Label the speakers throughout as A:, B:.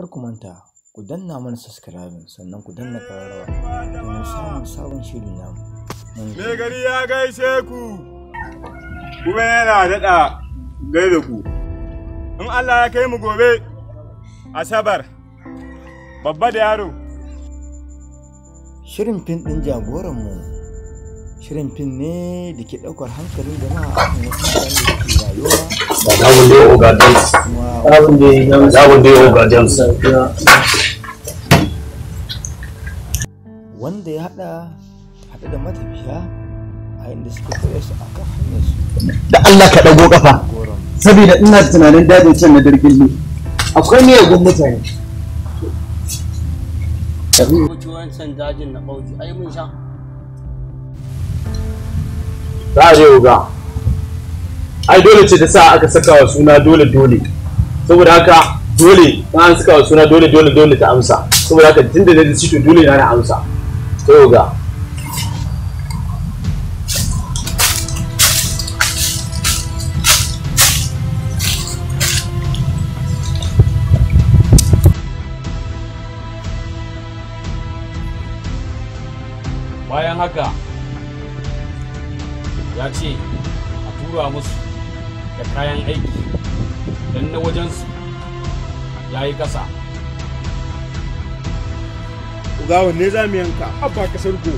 A: kar ku manta ku danna mana subscribing sannan ku danna kararrawa domin samun sabon shirin namu. Me gari ya gaishe ku kuma yana daɗa gaida ku. In Allah ya kai mu gobe Asabar babba da yaro. Shirin fin ɗin jagoranmu shirin fin ne da ke ɗaukar hankalin jama'a a kan wasu mutane da ke rayuwa. wanda ya hada hada da matafiya a inda suke kore su akan hanyar su da Allah ka dago kafa saboda ina tunanin dajin can na dargin ne akwai ne yagun mutane
B: wancan dajin na bauchi ai mun sha
A: za a je ai dole ce ta sa aka saka wa suna dole dole saboda haka dole ba an suka suna dole dole dole ta amsa saboda haka tun da zai ci dole na na amsa to ga
B: bayan haka ya ce a tura musu da kayan aiki don na wajensu ya yi ƙasa
A: Uga wanne za mu yanka abba kasar go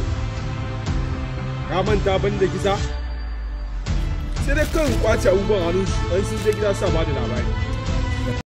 A: ka manta ban da gida sai dai kan kwace abubuwan hannun su an sun je gida sa ba da labari